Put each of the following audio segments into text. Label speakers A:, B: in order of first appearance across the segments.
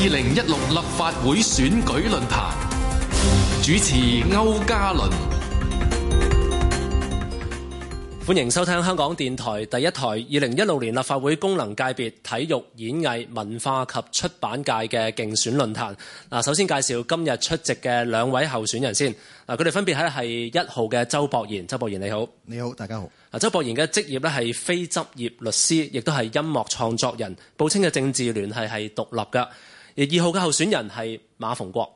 A: 二零一六立法會選舉論壇，主持區家麟，
B: 歡迎收聽香港電台第一台二零一六年立法會功能界別體育、演藝、文化及出版界嘅競選論壇。嗱，首先介紹今日出席嘅兩位候選人先。嗱，佢哋分別係一號嘅周博賢，周博賢你好，你好，大家好。嗱，周博賢嘅職業咧係非執業律師，亦都係音樂創作人，報稱嘅政治聯繫係獨立㗎。二號嘅候選人係馬逢國，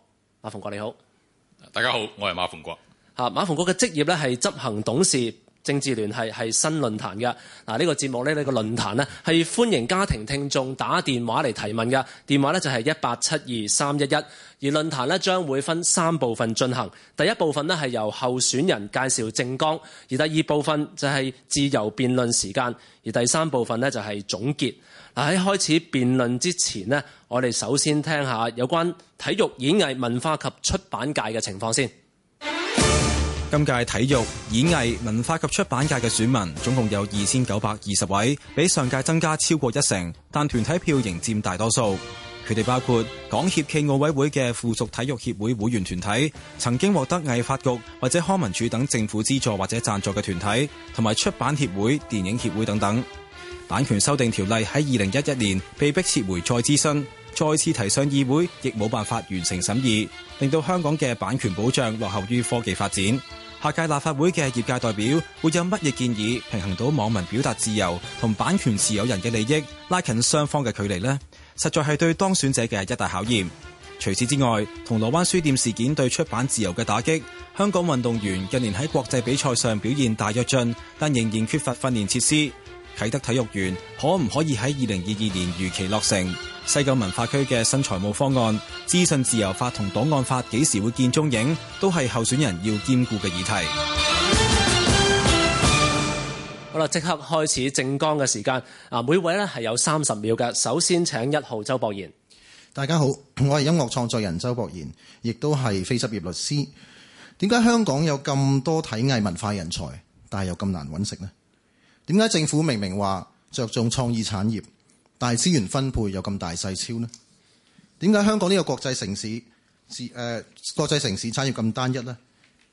B: 馬逢國，你好，
A: 大家好，我係馬逢國。
B: 嚇，馬逢國嘅職業咧係執行董事，政治聯繫係新論壇嘅。嗱，呢個節目呢，呢個論壇呢，係歡迎家庭聽眾打電話嚟提問嘅，電話呢，就係一八七二三一一。而論壇呢，將會分三部分進行，第一部分呢，係由候選人介紹政綱，而第二部分就係自由辯論時間，而第三部分呢，就係總結。喺開始辯論之前呢，我哋首先聽下有關體育、演藝、文化及出版界嘅情況先。今屆體育、演藝、
C: 文化及出版界嘅選民總共有二千九百二十位，比上屆增加超過一成，但團體票仍佔大多數。佢哋包括港協暨奧委會嘅附屬體育協會會員團體，曾經獲得藝發局或者康文署等政府資助或者贊助嘅團體，同埋出版協會、電影協會等等。版權修訂條例喺二零一一年被逼撤回再諮詢，再次提上議會亦冇辦法完成審議，令到香港嘅版權保障落後於科技發展。下屆立法會嘅業界代表會有乜嘢建議平衡到網民表達自由同版權持有人嘅利益，拉近雙方嘅距離呢？實在係對當選者嘅一大考驗。除此之外，銅鑼灣書店事件對出版自由嘅打擊，香港運動員近年喺國際比賽上表現大躍進，但仍然缺乏訓練設施，啟德體育園可唔可以喺二零二二年如期落成？西九文化區嘅新財務方案、資訊自由法同檔
B: 案法幾時會見蹤
C: 影？都係候選人要兼顧嘅議題。
B: 好啦，即刻開始政綱嘅時間。啊，每位咧係有三十秒嘅。首先請，請一號周博賢。
D: 大家好，我係音樂創作人周博賢，亦都係非執業律師。點解香港有咁多體藝文化人才，但係又咁難揾食呢？點解政府明明話着重創意產業，但係資源分配又咁大細超呢？點解香港呢個國際城市，誒、呃、國際城市產業咁單一呢？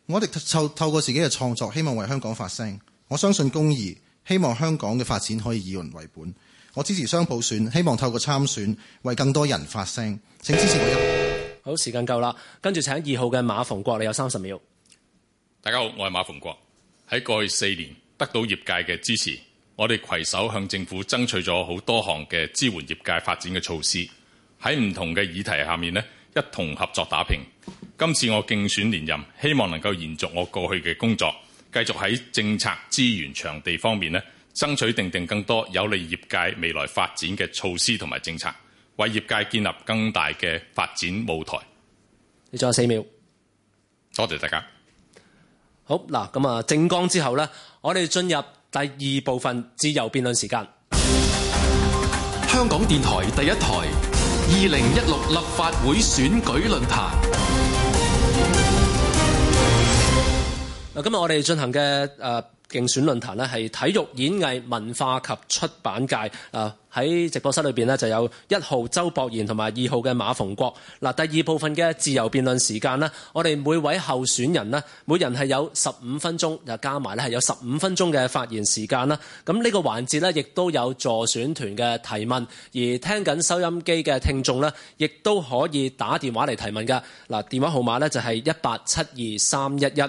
D: 我哋透透過自己嘅創作，希望為香港發聲。我相信公義，希望香港嘅發展可以以人為本。我支持雙普選，希望透過參選為更多人發聲。請支持我一。
B: 好，時間夠啦，跟住請二號嘅馬逢國，你有三十秒。
A: 大家好，我係馬逢國。喺過去四年。得到業界嘅支持，我哋攜手向政府爭取咗好多項嘅支援業界發展嘅措施。喺唔同嘅議題下面呢，一同合作打拼。今次我競選連任，希望能夠延續我過去嘅工作，繼續喺政策資源、場地方面呢，爭取定定更多有利業界未來發展嘅措施同埋政策，為業界建立更大嘅發展舞台。
B: 你仲有四秒，
A: 多謝、謝大家。
B: 好嗱，咁啊，政綱之後呢。我哋進入第二部分自由辯論時間。香港電台第一台二零一六立法會選舉論壇。今日我哋進行嘅競選論壇咧，係體育、演藝、文化及出版界喺直播室裏面呢，就有一號周博賢同埋二號嘅馬逢國嗱。第二部分嘅自由辯論時間呢，我哋每位候選人呢，每人係有十五分鐘，又加埋咧係有十五分鐘嘅發言時間啦。咁呢個環節呢，亦都有助選團嘅提問，而聽緊收音機嘅聽眾呢，亦都可以打電話嚟提問噶嗱。電話號碼呢，就係一八七二三一一。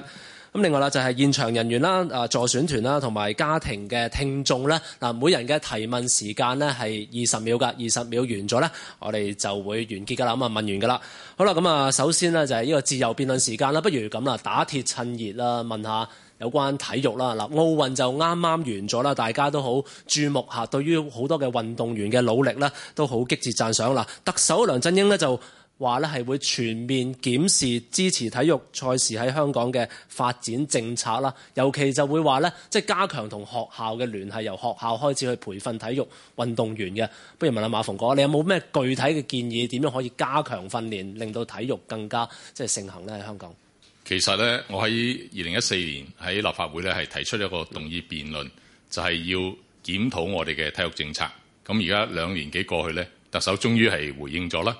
B: 咁另外啦，就係現場人員啦、啊助選團啦，同埋家庭嘅聽眾啦。嗱，每人嘅提問時間咧係二十秒噶，二十秒完咗咧，我哋就會完結噶啦，咁啊問完噶啦。好啦，咁啊首先咧就係呢個自由辯論時間啦，不如咁啦，打鐵趁熱啦，問下有關體育啦。嗱，奧運就啱啱完咗啦，大家都好注目吓，對於好多嘅運動員嘅努力咧，都好擊節讚賞啦。特首梁振英咧就，話咧係會全面檢視支持體育賽事喺香港嘅發展政策啦，尤其就會話咧，即係加強同學校嘅聯繫，由學校開始去培訓體育運動員嘅。不如問下馬逢國，你有冇咩具體嘅建議，點樣可以加強訓練，令到體育更加即係盛行咧？喺香港
A: 其實咧，我喺二零一四年喺立法會咧係提出一個動議辯論，就係要檢討我哋嘅體育政策。咁而家兩年幾過去咧，特首終於係回應咗啦。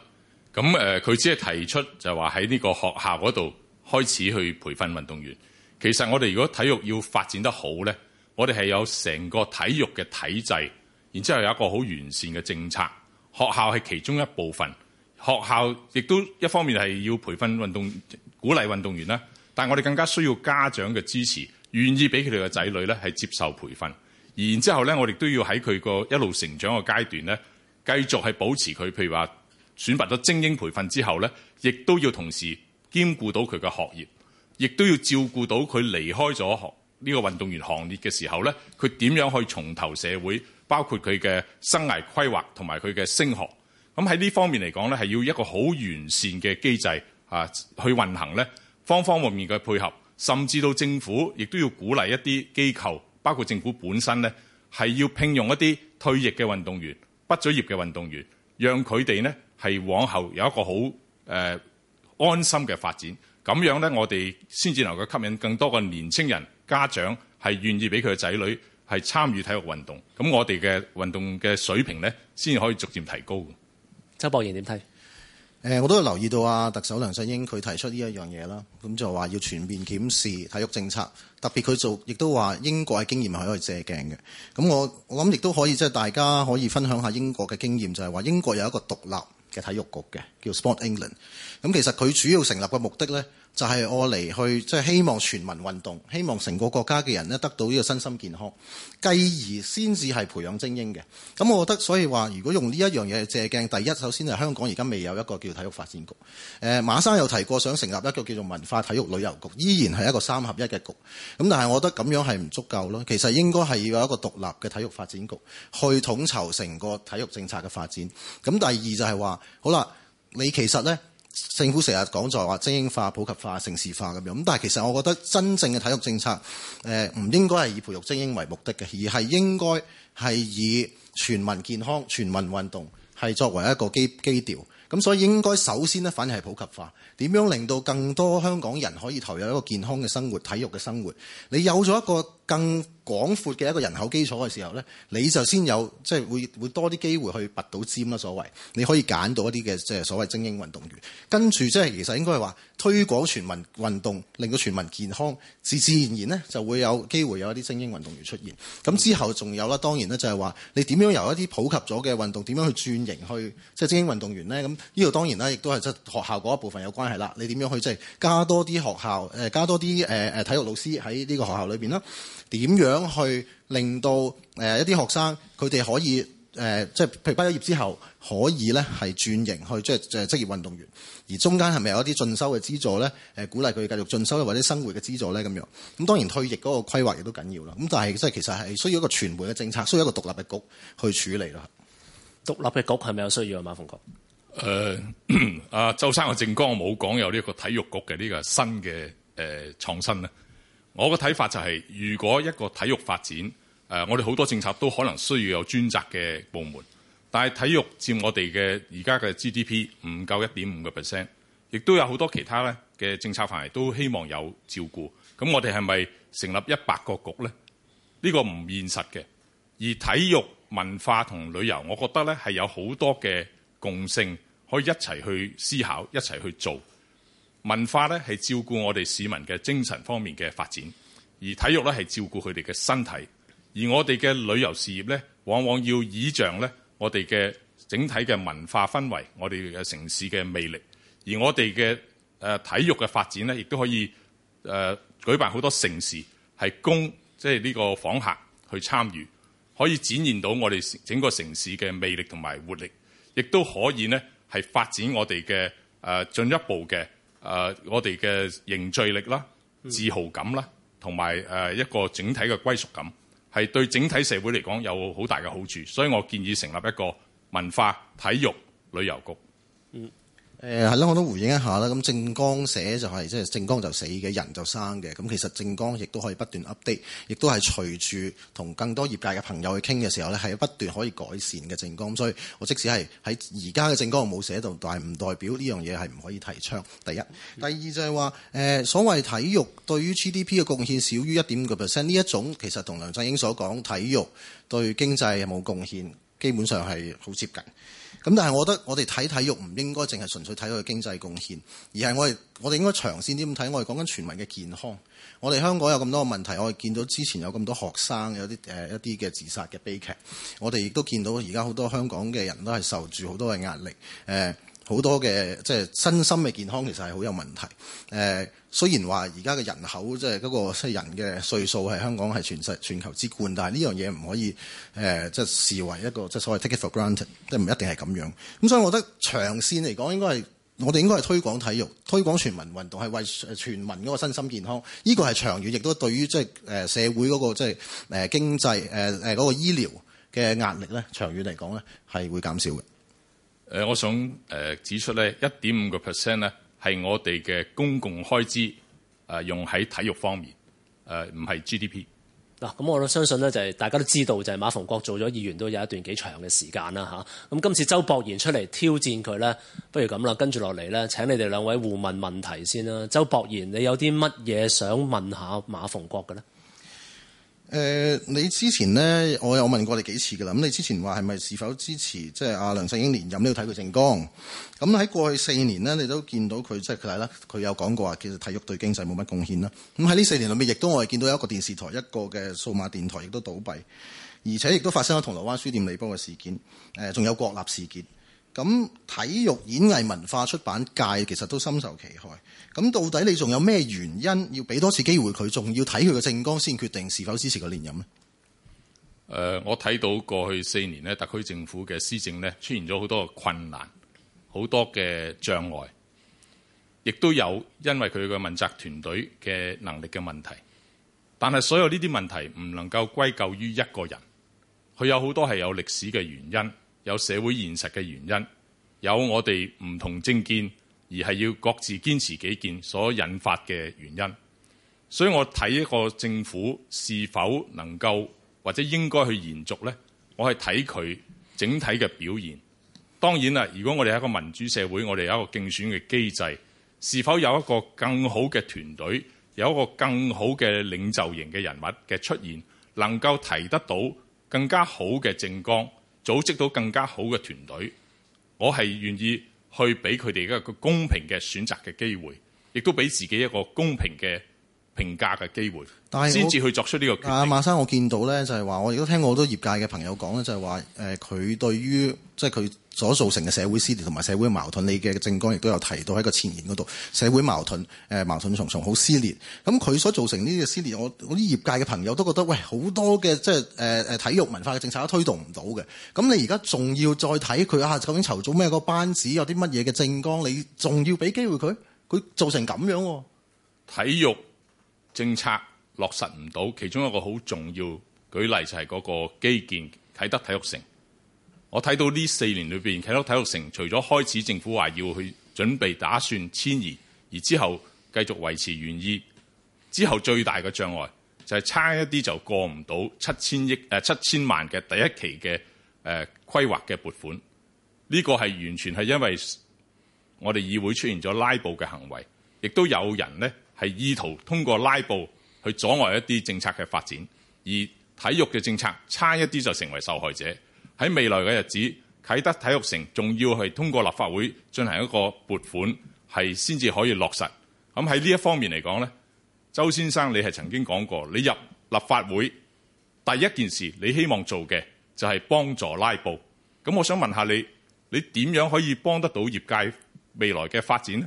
A: 咁誒，佢、呃、只係提出就話喺呢個學校嗰度開始去培訓運動員。其實我哋如果體育要發展得好呢，我哋係有成個體育嘅體制，然之後有一個好完善嘅政策。學校係其中一部分，學校亦都一方面係要培訓運動、鼓勵運動員啦。但係我哋更加需要家長嘅支持，願意俾佢哋嘅仔女呢係接受培訓。然之後呢，我哋都要喺佢個一路成長嘅階段呢，繼續係保持佢，譬如話，選拔咗精英培訓之後呢，亦都要同時兼顧到佢嘅學業，亦都要照顧到佢離開咗呢個運動員行列嘅時候呢，佢點樣去重投社會，包括佢嘅生涯規劃同埋佢嘅升學。咁喺呢方面嚟講呢，係要一個好完善嘅機制啊，去運行呢方方面面嘅配合，甚至到政府亦都要鼓勵一啲機構，包括政府本身呢，係要聘用一啲退役嘅運動員、畢咗業嘅運動員，讓佢哋呢。係往後有一個好誒、呃、安心嘅發展，咁樣呢，我哋先至能夠吸引更多嘅年青人、家長係願意俾佢仔女係參與體育運動，咁我哋嘅運動嘅水平呢，先至可以逐漸提高。周博賢點睇？
D: 誒、呃，我都有留意到啊，特首梁振英佢提出呢一樣嘢啦，咁就話要全面檢視體育政策，特別佢做亦都話英國嘅經驗係可以借鏡嘅。咁我我諗亦都可以即係大家可以分享下英國嘅經驗，就係、是、話英國有一個獨立。嘅體育局嘅，叫 Sport England。咁其實佢主要成立嘅目的呢，就係我嚟去，即係希望全民運動，希望成個國家嘅人呢得到呢個身心健康，繼而先至係培養精英嘅。咁我覺得，所以話如果用呢一樣嘢借鏡，第一首先係香港而家未有一個叫體育發展局。誒，馬生有提過想成立一個叫做文化體育旅遊局，依然係一個三合一嘅局。咁但係我覺得咁樣係唔足夠咯。其實應該係要有一個獨立嘅體育發展局去統籌成個體育政策嘅發展。咁第二就係話，好啦，你其實呢。」政府成日講就話精英化、普及化、城市化咁樣，咁但係其實我覺得真正嘅體育政策，誒唔應該係以培育精英為目的嘅，而係應該係以全民健康、全民運動係作為一個基基調。咁所以應該首先呢，反而係普及化，點樣令到更多香港人可以投入一個健康嘅生活、體育嘅生活？你有咗一個更廣闊嘅一個人口基礎嘅時候呢，你就先有即係、即係、會會多啲機會去拔到尖啦。所謂你可以揀到一啲嘅即係所謂精英運動員，跟住即係其實應該係話推廣全民運動，令到全民健康，自自然然呢就會有機會有一啲精英運動員出現。咁之後仲有啦，當然呢就係話你點樣由一啲普及咗嘅運動點樣去轉型去即係精英運動員呢？咁呢度當然啦，亦都係即係學校嗰一部分有關係啦。你點樣去即係、即係、加多啲學校加多啲誒誒體育老師喺呢個學校裏面啦。點樣去令到誒一啲學生佢哋可以誒，即係譬如畢咗業之後可以咧係轉型去即係誒職業運動員，而中間係咪有一啲進修嘅資助咧？鼓勵佢繼續進修或者生活嘅資助咧咁樣。咁當然退役嗰個規劃亦都緊要啦。咁但係即係其實係需要一個傳媒嘅政策，需要一個獨立嘅局去處理啦。獨
B: 立嘅局係咪有需要啊？馬逢國，誒、
A: 呃，阿周生和正光冇講有呢個體育局嘅呢個新嘅誒創新咧。我嘅睇法就係，如果一個體育發展，呃，我哋好多政策都可能需要有專責嘅部門。但係體育佔我哋嘅而家嘅 GDP 唔夠一點五個 percent，亦都有好多其他咧嘅政策範圍都希望有照顧。咁我哋係咪成立一百個局呢？呢個唔現實嘅。而體育文化同旅遊，我覺得呢係有好多嘅共性，可以一齊去思考，一齊去做。文化咧，係照顧我哋市民嘅精神方面嘅發展，而體育咧，係照顧佢哋嘅身體；而我哋嘅旅遊事業咧，往往要倚仗咧我哋嘅整體嘅文化氛圍，我哋嘅城市嘅魅力。而我哋嘅誒體育嘅發展咧，亦都可以誒、呃、舉辦好多城市係供即係呢個訪客去參與，可以展現到我哋整個城市嘅魅力同埋活力，亦都可以咧，係發展我哋嘅誒進一步嘅。誒，uh，我哋嘅凝聚力啦、自豪感啦，同埋誒一個整體嘅歸屬感，係對整體社會嚟講有好大嘅好處。所以我建議成立一個文化、體育、旅遊局。嗯。
D: 誒係啦，我都回應一下啦。咁政綱寫就係即係政綱就死嘅人就生嘅。咁其實政綱亦都可以不斷 update，亦都係隨住同更多業界嘅朋友去傾嘅時候呢，係不斷可以改善嘅政綱。所以我即使係喺而家嘅政綱冇寫到，但係唔代表呢樣嘢係唔可以提倡。第一，第二就係話誒，所謂體育對於 GDP 嘅貢獻少於一點五個 percent 呢一種，其實同梁振英所講體育對經濟冇貢獻，基本上係好接近。咁但係我覺得我哋睇體育唔應該淨係純粹睇佢經濟貢獻，而係我哋我哋應該長線啲咁睇，我哋講緊全民嘅健康。我哋香港有咁多問題，我哋見到之前有咁多學生有啲誒一啲嘅、呃、自殺嘅悲劇，我哋亦都見到而家好多香港嘅人都係受住好多嘅壓力，呃好多嘅即係身心嘅健康其實係好有問題。誒、呃，雖然話而家嘅人口即係嗰個即係人嘅歲數係香港係全世全球之冠，但係呢樣嘢唔可以誒，即、呃、係、即係、視為一個即係、即係、所謂 take it for granted，即係唔一定係咁樣。咁所以，我覺得長線嚟講，應該係我哋應該係推廣體育、推廣全民運動，係為全民嗰個身心健康。呢、呢個係長遠，亦都對於即係、即係呃、社會嗰、嗰個即係誒經濟、嗰、呃嗰個醫療嘅壓力咧，長遠嚟講咧係會減
A: 少嘅。誒，我想誒指出咧，一點五個 percent 咧，係我哋嘅公共開支啊，用喺體育方面誒，唔係 GDP。
B: 嗱、啊，咁我都相信咧，就係大家都知道，就係馬逢國做咗議員都有一段幾長嘅時間啦嚇。咁、啊、今次周博賢出嚟挑戰佢咧，不如咁啦，跟住落嚟咧，請你哋兩位互問問題先啦。周博賢，你有啲乜嘢想問下馬逢國嘅咧？誒、
D: 呃，你之前呢，我有問過你幾次㗎啦。咁你之前話係咪是否支持即係阿梁振英連任？呢要睇佢政綱。咁喺過去四年呢，你都見到佢即係佢係啦。佢、就是、有講過話，其實體育對經濟冇乜貢獻啦。咁喺呢四年裏面，亦都我係見到有一個電視台、一個嘅數碼電台亦都倒閉，而且亦都發生咗銅鑼灣書店李波嘅事件。誒、呃，仲有國立事件。咁體育、演藝、文化、出版界其實都深受其害。咁到底你仲有咩原因要俾多次機會佢？仲要睇佢嘅政綱先決定是否支
A: 持佢連任呢？呃，我睇到過去四年呢，特區政府嘅施政呢，出現咗好多困難，好多嘅障礙，亦都有因為佢嘅問責團隊嘅能力嘅問題。但係所有呢啲問題唔能夠歸咎於一個人，佢有好多係有歷史嘅原因。有社會現實嘅原因，有我哋唔同政見，而係要各自堅持己見所引發嘅原因。所以我睇一個政府是否能夠或者應該去延續呢？我係睇佢整體嘅表現。當然啦，如果我哋係一個民主社會，我哋有一個競選嘅機制，是否有一個更好嘅團隊，有一個更好嘅領袖型嘅人物嘅出現，能夠提得到更加好嘅政綱，組織到更加好嘅團隊，我係願意去俾佢哋一個公平嘅選擇嘅機會，亦都俾自己一個公平嘅評價嘅機會，先至去作出呢個決定。啊、
D: 馬生，我見到咧就係話，我亦都聽過好多業界嘅朋友講咧，就係、是、話，誒、呃、佢對於即係佢所造成嘅社會撕裂同埋社會矛盾，你嘅政綱亦都有提到喺個前言嗰度。社會矛盾，誒、呃、矛盾重重，好撕裂。咁佢所造成呢啲嘅撕裂，我啲業界嘅朋友都覺得，喂，好多嘅即係誒誒體育文化嘅政策都推動唔到嘅。咁你而家仲要再睇佢啊究竟籌組咩個班子，有啲乜嘢嘅政綱，你仲要俾機會佢？佢造
A: 成咁樣、啊，體育。政策落實唔到，其中一個好重要舉例就係嗰個基建，啟德體育城。我睇到呢四年裏面，啟德體育城除咗開始政府話要去準備打算遷移，而之後繼續維持原意，之後最大嘅障礙就係差一啲就過唔到七千億、呃、七千萬嘅第一期嘅誒、呃、規劃嘅撥款。呢、呢個係完全係因為我哋議會出現咗拉布嘅行為，亦都有人呢。係意圖通過拉布去阻礙一啲政策嘅發展，而體育嘅政策差一啲就成為受害者。喺未來嘅日子，啟德體育城仲要係通過立法會進行一個撥款，係先至可以落實。咁喺呢一方面嚟講呢，周先生你係曾經講過，你入立法會第一件事你希望做嘅就係幫助拉布。咁我想問下你，你點樣可以幫得到業界未來嘅發展呢？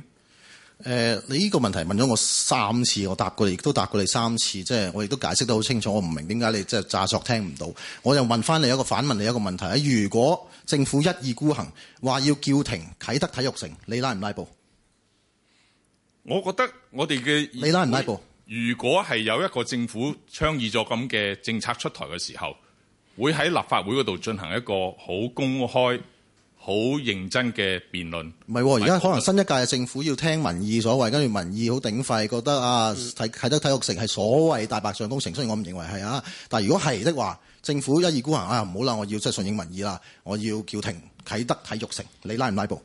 A: 誒、呃，
D: 你呢個問題問咗我三次，我答過你，亦都答過你三次，即係我亦都解釋得好清楚。我唔明點解你即係詐作聽唔到。我又問翻你一個反問你一個問題，如果政府一意孤行，話要叫停啟德體育城，你拉唔拉布？
A: 我覺得我哋嘅你拉唔拉布？如果係有一個政府倡議咗咁嘅政策出台嘅時候，會喺立法會嗰度進行一個好公開好認真嘅辯論，
D: 唔係而家可能新一屆政府要聽民意所謂，跟住民意好鼎沸，覺得啊，啟啟德體育城係所謂大白象工程，所以我唔認為係啊，但如果係的話，政府一意孤行啊，唔好啦，我要即係順應民意啦，我要叫停啟德體育城，你拉唔拉布？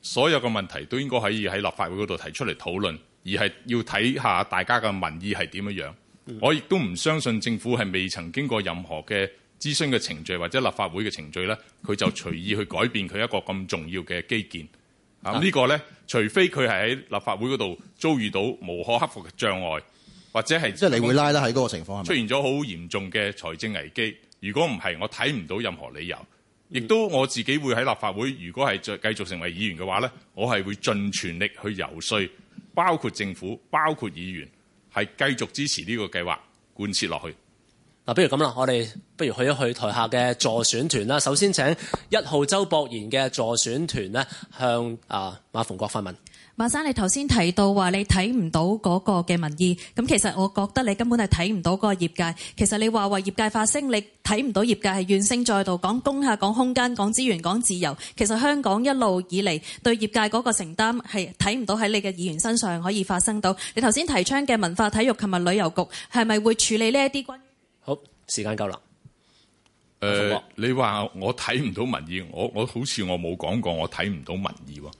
A: 所有嘅問題都應該可以喺立法會嗰度提出嚟討論，而係要睇下大家嘅民意係點樣樣。我亦都唔相信政府係未曾經過任何嘅。諮詢嘅程序或者立法會嘅程序呢，佢就隨意去改變佢一個咁重要嘅基建。咁 呢個呢，除非佢係喺立法會嗰度遭遇到無可克服嘅障礙，或者係即係你會拉咧
D: 喺嗰個情況出
A: 現咗好嚴重嘅財政危機。如果唔係，我睇唔到任何理由。亦都我自己會喺立法會，如果係再繼續成為議員嘅話呢，我係會盡全力去遊說，包括政府、包括議員，係繼續支持呢個計劃，貫徹落去。
B: 嗱、啊，不如咁啦，我哋不如去一去台下嘅助選團啦。首先請一號周博賢嘅助選團呢向啊馬逢國發問。
C: 馬生，你頭先提到話你睇唔到嗰個嘅民意，咁其實我覺得你根本係睇唔到個業界。其實你話為業界發聲，你睇唔到業界係怨聲載道，講攻吓，講空間，講資源，講自由。其實香港一路以嚟對業界嗰個承擔係睇唔到喺你嘅議員身上可以發生到。你頭先提倡嘅文化、體育及旅遊局係咪會處理呢一啲關？
A: 好，時間夠啦。誒、呃，你話我睇唔到民意，我我好似我冇講過我睇唔到民意喎。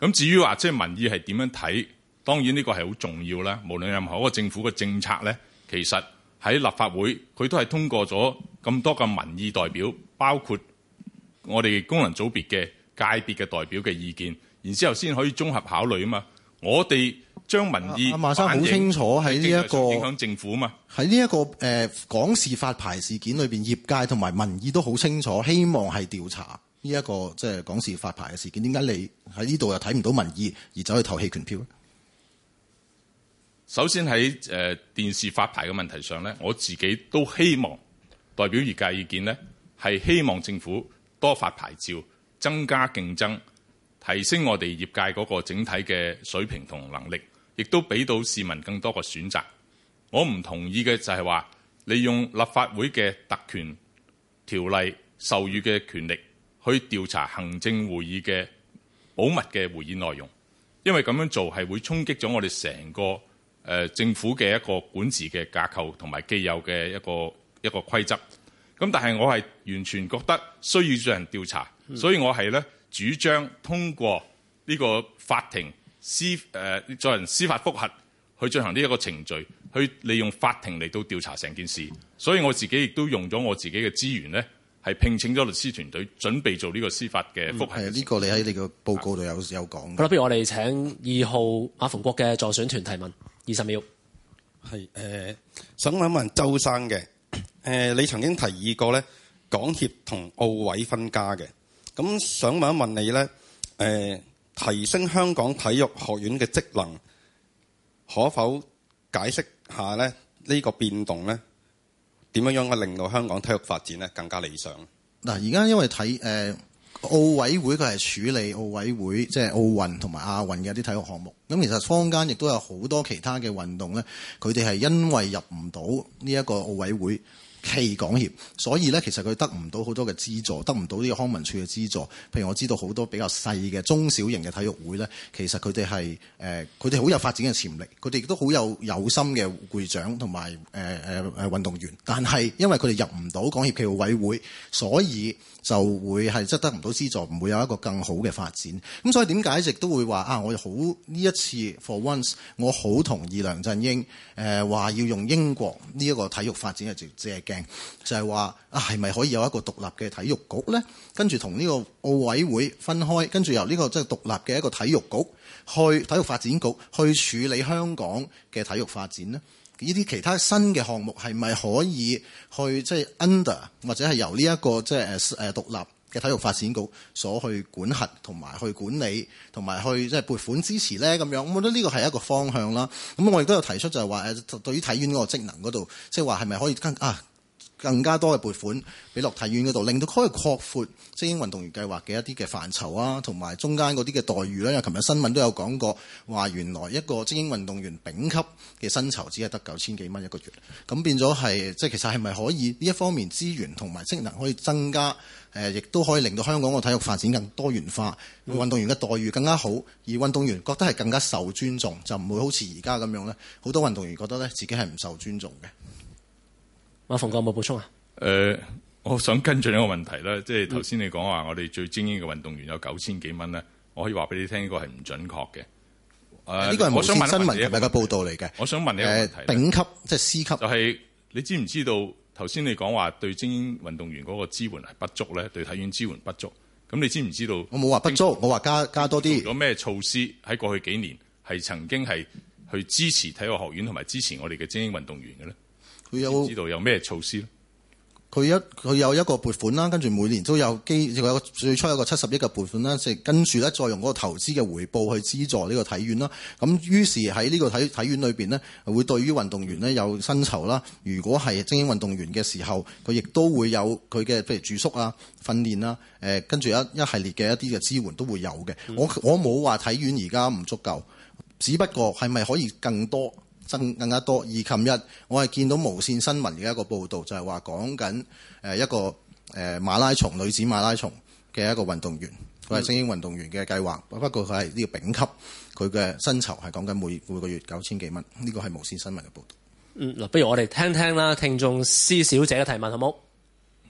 A: 咁至於話即係民意係點樣睇，當然呢個係好重要啦。無論任何一個政府嘅政策咧，其實喺立法會佢都係通過咗咁多嘅民意代表，包括我哋功能組別嘅界別嘅代表嘅意見，然之後先可以綜合考慮啊嘛。我哋將民意、啊啊、馬生好清楚在、這個，喺呢一個影響政府嘛？
D: 喺呢一個誒、呃、港視發牌事件裏邊，業界同埋民意都好清楚，希望係調查呢、這、一個即係、就是、港視發牌嘅事件。點解你喺呢度又睇唔到民意，而走去投棄權票咧？
A: 首先喺誒、呃、電視發牌嘅問題上呢，我自己都希望代表業界意見呢，係希望政府多發牌照，增加競爭，提升我哋業界嗰個整體嘅水平同能力。亦都俾到市民更多個選擇。我唔同意嘅就係話，利用立法會嘅特權條例授予嘅權力去調查行政會議嘅保密嘅會議內容，因為咁樣做係會衝擊咗我哋成個、呃、政府嘅一個管治嘅架構同埋既有嘅一個一個規則。咁但係我係完全覺得需要進行調查、嗯，所以我係咧主張通過呢個法庭。司誒進行司法覆核，去進行呢一個程序，去利用法庭嚟到調查成件事。所以我自己亦都用咗我自己嘅資源咧，係聘請咗律師團隊準備做呢個司法嘅覆核的。呢、嗯，這個
B: 你喺你個報告度有有講。好啦，不如我哋請二號阿逢國嘅助選團提問，二十秒。係誒、呃，想問一問周生嘅
C: 誒、呃，你曾經提議過咧港協同奧委分家嘅，咁想問一問你咧誒？呃提升香港體育學院嘅職能，可否解釋下呢呢、這個變動呢？點樣樣會令到香港體育發展呢更加理想？
D: 嗱，而家因為睇誒奧委會佢係處理奧委會，即係奧運同埋亞運嘅一啲體育項目，咁其實坊間亦都有好多其他嘅運動呢，佢哋係因為入唔到呢一個奧委會。期港協，所以咧，其實佢得唔到好多嘅資助，得唔到呢個康文署嘅資助。譬如我知道好多比較細嘅中小型嘅體育會咧，其實佢哋係誒，佢哋好有發展嘅潛力，佢哋亦都好有有心嘅會長同埋誒誒誒運動員，但係因為佢哋入唔到港協暨奧委會，所以。就會係即得唔到資助，唔會有一個更好嘅發展。咁所以點解亦都會話啊？我好呢一次 for once，我好同意梁振英誒話、呃、要用英國呢一個體育發展嚟借借鏡，就係、係、話啊，係咪可以有一個獨立嘅體育局呢？跟住同呢個奧委會分開，跟住由呢、呢個即係、就係、獨立嘅一個體育局去體育發展局去處理香港嘅體育發展呢？」呢啲其他新嘅項目係咪可以去即係 under 或者係由呢一個即係誒誒獨立嘅體育發展局所去管轄同埋去管理同埋去即係撥款支持咧？咁樣，我覺得呢個係一個方向啦。咁我亦都有提出就係話誒，對於體院嗰個職能嗰度，即係話係咪可以跟啊？更加多嘅撥款俾落體院嗰度，令到可以擴闊精英運動員計劃嘅一啲嘅範疇啊，同埋中間嗰啲嘅待遇呢，因為琴日新聞都有講過，話原來一個精英運動員丙級嘅薪酬只係得九千幾蚊一個月，咁變咗係即係其實係咪可以呢一方面資源同埋性能可以增加？誒，亦都可以令到香港個體育發展更多元化，令運動員嘅待遇更加好，而運動員覺得係更加受尊重，就唔會好似而家咁樣呢。好多運動員覺得呢，自己係唔受尊重嘅。馬
B: 逢國有冇補充啊？
A: 誒、呃，我想跟進一個問題啦，即係頭先你講話我哋最精英嘅運動員有九千幾蚊咧，我可以話俾你聽呢、這個係唔準確嘅。誒、啊，呢個係新聞同埋
D: 個報道嚟嘅。我
A: 想問你一個頂、呃、級即係、就是、C 級，就係、是、你知唔知道頭先你講話對精英運動員嗰個支援係不足咧？對體院支援不足，咁你知唔知道？我冇話不足，我話加加多啲。如果咩措施喺過去幾年係曾經係去支持體育學院同埋支持我哋嘅精英運動員嘅咧？佢有知道有咩措施咧？
D: 佢一佢有一個撥款啦，跟住每年都有基，有最初有個七十億嘅撥款啦，即係跟住咧再用嗰個投資嘅回報去資助呢個體院啦。咁於是喺呢個體體院裏邊咧，會對於運動員咧有薪酬啦、嗯。如果係精英運動員嘅時候，佢亦都會有佢嘅譬如住宿啊、訓練啊、誒、呃、跟住一一系列嘅一啲嘅支援都會有嘅、嗯。我我冇話體院而家唔足夠，只不過係咪可以更多？增更加多。而近日，我係見到無線新聞嘅一個報導，就係話講緊誒一個誒馬拉松女子馬拉松嘅一個運動員，佢係精英運動員嘅計劃，不過佢係呢個丙級，佢嘅薪酬係講緊每每個月九千幾蚊，呢個係無線新聞嘅報導。嗯，
B: 嗱，不如我哋聽聽啦，聽眾施小姐嘅提問，好冇？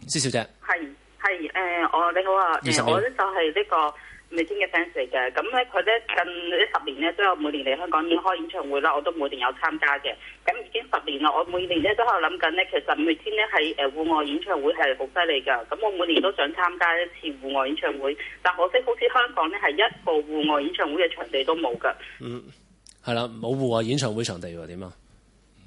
B: 施小姐，係係
C: 誒，我你好啊，誒、呃，其實我咧就係呢、呢個。五月天嘅 fans 嚟嘅，咁咧佢咧近呢十年咧，都有每年嚟香港演開演唱會啦，我都每年有參加嘅。咁已經十年啦，我每年咧都喺度諗緊咧，其實五月天咧喺誒戶外演唱會係好犀利㗎。咁我每年都想參加一次戶外演唱會，但可惜好似香港咧係一個戶外演唱會嘅場地都冇㗎。嗯，
B: 係啦，冇戶外演唱會場地喎，點啊？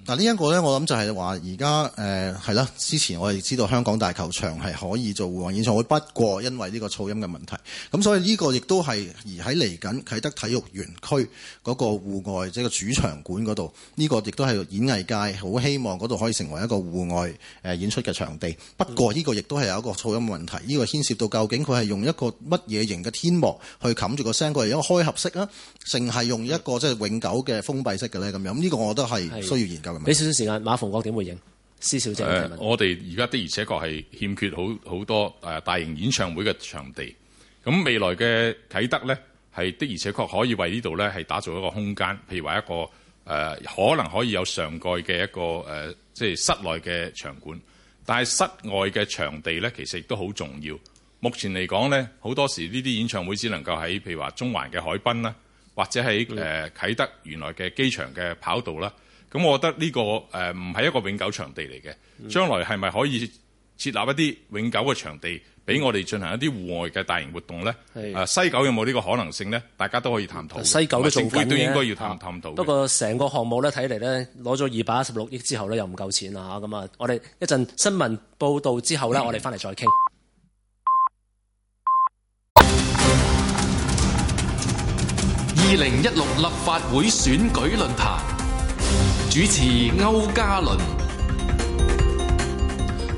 B: 嗱、啊這個、呢一個咧，我諗就係話而家誒係
D: 啦。之前我哋知道香港大球場係可以做戶外演唱會，不過因為呢個噪音嘅問題，咁所以呢個亦都係而喺嚟緊啟德體育園區嗰個戶外即係個主場館嗰度，呢、這個亦都係演藝界好希望嗰度可以成為一個戶外誒、呃、演出嘅場地。不過呢個亦都係有一個噪音問題呢、這個牽涉到究竟佢係用一個乜嘢型嘅天幕去冚住個聲過嚟一個開合式啊，淨係用一個即係永久嘅封閉式嘅咧？咁樣，咁呢、這個我覺得係需要研究。俾少少時間，馬逢國點回應施小姐提
A: 問？我哋而家的而且確係欠缺好好多誒大型演唱會嘅場地。咁未來嘅啟德呢，係的而且確可以為呢度呢，係打造一個空間，譬如話一個誒、呃、可能可以有上蓋嘅一個誒即係室內嘅場館。但係室外嘅場地呢，其實亦都好重要。目前嚟講呢，好多時呢啲演唱會只能夠喺譬如話中環嘅海濱啦，或者喺誒、呃、啟德原來嘅機場嘅跑道啦。咁我覺得呢、呢個唔係、呃、一個永久場地嚟嘅，將來係咪可以設立一啲永久嘅場地，俾我哋進行一啲戶外嘅大型活動呢？啊、西九有冇呢個可能性呢？大家都可以探討。西九嘅政改都應該要探探，啊、探
B: 討。不過成個項目咧睇嚟咧，攞咗二百一十六億之後咧又唔夠錢啦咁啊，我哋一陣新聞報導之後咧、嗯，我哋翻嚟再傾。
A: 二零一六立法會選舉論壇。主持區家麟。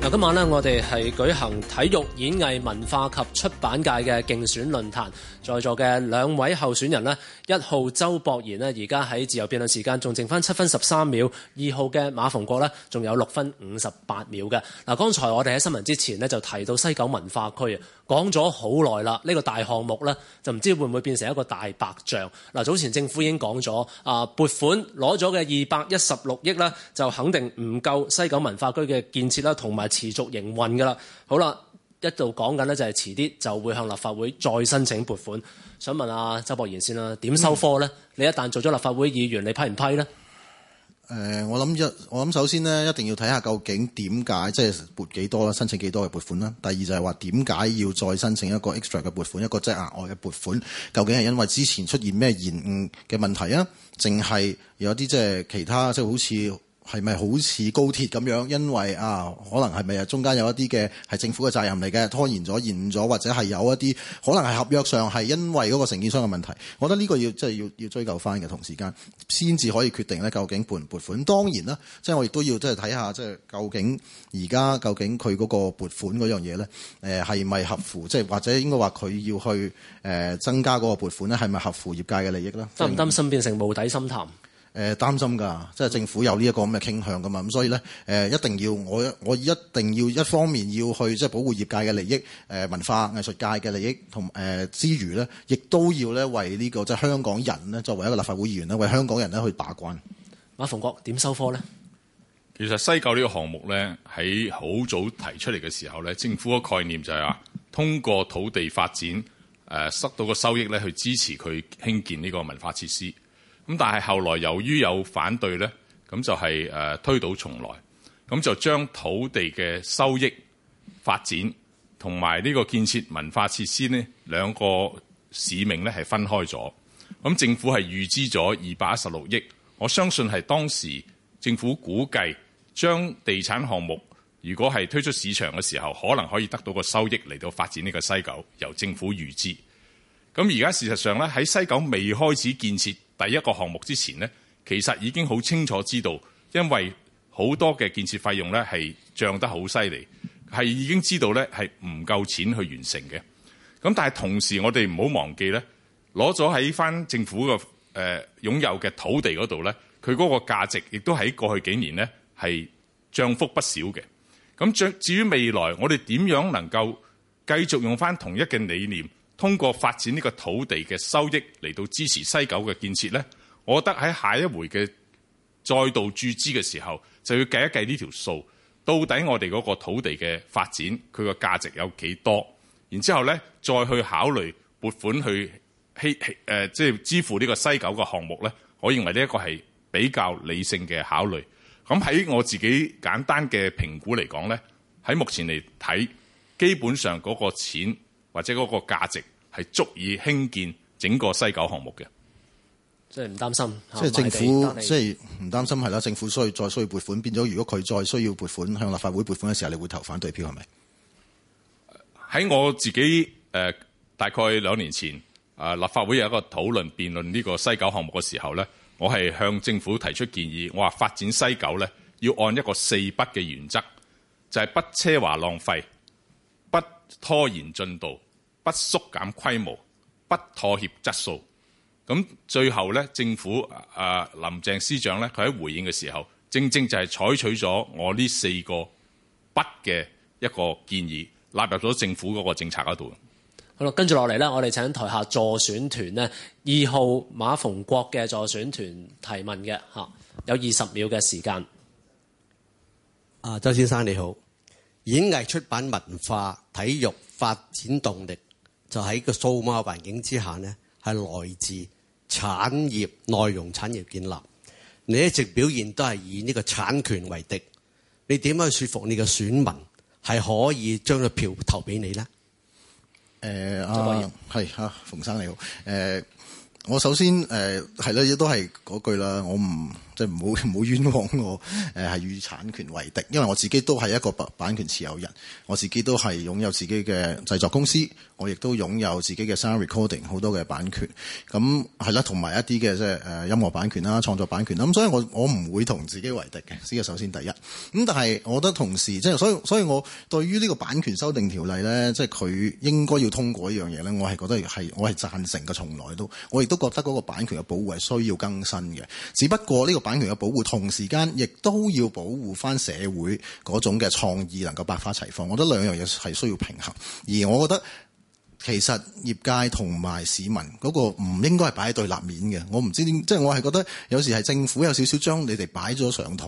B: 嗱，今晚咧，我哋係舉行體育、演藝、文化及出版界嘅競選論壇。在座嘅兩位候選人呢，一號周博賢呢，而家喺自由辯論時間仲剩翻七分十三秒；二號嘅馬逢國呢仲有六分五十八秒嘅。嗱，剛才我哋喺新聞之前呢，就提到西九文化區啊，講咗好耐啦。呢個大項目咧，就唔知會唔會變成一個大白象。嗱，早前政府已經講咗啊，撥款攞咗嘅二百一十六億咧，就肯定唔夠西九文化區嘅建設啦，同埋持續營運㗎啦。好啦。一度講緊咧，就係遲啲就會向立法會再申請撥款。想問下周博賢先啦，點收貨呢、嗯？你一旦做咗立法會議員，你批唔批呢？誒、呃，我諗一，我諗首先呢，一定要睇下究竟點解
D: 即係撥幾多啦，申請幾多嘅撥款啦。第二就係話點解要再申請一個 extra 嘅撥款，一個即係額外嘅撥款，究竟係因為之前出現咩延誤嘅問題啊？淨係有啲即係其他即係、就是、好似。係咪好似高鐵咁樣？因為啊，可能係咪啊，中間有一啲嘅係政府嘅責任嚟嘅，拖延咗、延咗，或者係有一啲可能係合約上係因為嗰個承建商嘅問題。我覺得呢個要即係要要追究翻嘅，同時間先至可以決定咧究竟撥唔撥款。當然啦，即係我亦都要即係睇下，即係究竟而家究竟佢嗰個撥款嗰樣嘢咧，誒係咪合乎？即係或者應該話佢要去誒增加嗰個撥款咧，係咪合乎業界嘅利益咧？擔唔擔心
B: 變成無底深潭？
D: 誒、呃、擔心㗎，即係政府有呢一個咁嘅傾向㗎嘛，咁所以咧誒、呃、一定要我我一定要一方面要去即係保護業界嘅利益，誒、呃、文化藝術界嘅利益同誒、呃、之餘咧，亦都要咧為呢個即係香港人咧作為一個立法會議員咧，為香港人咧
B: 去把關。馬逢國點收科咧？
A: 其實西九呢個項目咧喺好早提出嚟嘅時候咧，政府嘅概念就係話，通過土地發展誒收到嘅收益咧去支持佢興建呢個文化設施。咁但係後來由於有反對呢，咁就係誒推倒重來，咁就將土地嘅收益發展同埋呢個建設文化設施呢兩個使命呢係分開咗。咁政府係預支咗二百一十六億，我相信係當時政府估計將地產項目如果係推出市場嘅時候，可能可以得到個收益嚟到發展呢個西九，由政府預支。咁而家事實上呢，喺西九未開始建設第一個項目之前呢，其實已經好清楚知道，因為好多嘅建設費用呢係漲得好犀利，係已經知道呢係唔夠錢去完成嘅。咁但係同時，我哋唔好忘記呢，攞咗喺翻政府嘅誒擁有嘅土地嗰度呢，佢嗰個價值亦都喺過去幾年呢係漲幅不少嘅。咁至至於未來，我哋點樣能夠繼續用翻同一嘅理念？通過發展呢個土地嘅收益嚟到支持西九嘅建設呢，我覺得喺下一回嘅再度注資嘅時候，就要計一計呢條數，到底我哋嗰個土地嘅發展佢個價值有幾多？然之後呢，再去考慮撥款去希誒即係支付呢個西九嘅項目呢，我認為呢一個係比較理性嘅考慮。咁喺我自己簡單嘅評估嚟講呢，喺目前嚟睇，基本上嗰個錢或者嗰個價值，係足以興建整個西九項目嘅，即係唔擔心，即係政府即係
D: 唔擔心係啦。政府需要再需要撥款，變咗如果佢再需要撥款向立法會撥款嘅時候，你會投反對票係咪？
A: 喺我自己誒、呃，大概兩年前啊，立法會有一個討論辯論呢個西九項目嘅時候咧，我係向政府提出建議，我話發展西九咧要按一個四不嘅原則，就係、是、不奢華浪費，不拖延進度。不縮減規模，不妥協質素，咁最後咧，政府啊林鄭司長咧，佢喺回應嘅時候，正正就係採取咗我呢四個不嘅一個建議，納入咗政府嗰個政策嗰度。
B: 好啦，跟住落嚟咧，我哋請台下助選團呢，二號馬逢國嘅助選團提問嘅嚇，有二十秒嘅時間。啊，周先生你好，演藝出版文化體育發展動力。就喺個數碼環境之下咧，係來自產業內容產業建立。你一直表現都係以呢個產權為敵，你點樣去説服你嘅選民係可以將個票投俾你咧？誒、呃，阿
D: 係嚇，馮、啊啊、生你好。呃、我首先係啦，亦、呃、都係嗰句啦，我唔。即係唔好唔好冤枉我誒係與產權為敵，因為我自己都係一個版權持有人，我自己都係擁有自己嘅製作公司，我亦都擁有自己嘅 sound recording 好多嘅版權，咁係啦，同埋一啲嘅即係誒音樂版權啦、創作版權啦，咁所以我我唔會同自己為敵嘅，呢個首先第一。咁但係我覺得同時即係所以，所以我對於呢個版權修訂條例咧，即係佢應該要通過呢樣嘢咧，我係覺得係我係贊成嘅，從來都我亦都覺得嗰個版權嘅保護係需要更新嘅，只不過呢個。版權嘅保護，同時間亦都要保護翻社會嗰種嘅創意，能夠百花齊放。我覺得兩樣嘢係需要平衡。而我覺得其實業界同埋市民嗰個唔應該係擺喺對立面嘅。我唔知點，即係我係覺得有時係政府有少少將你哋擺咗上台，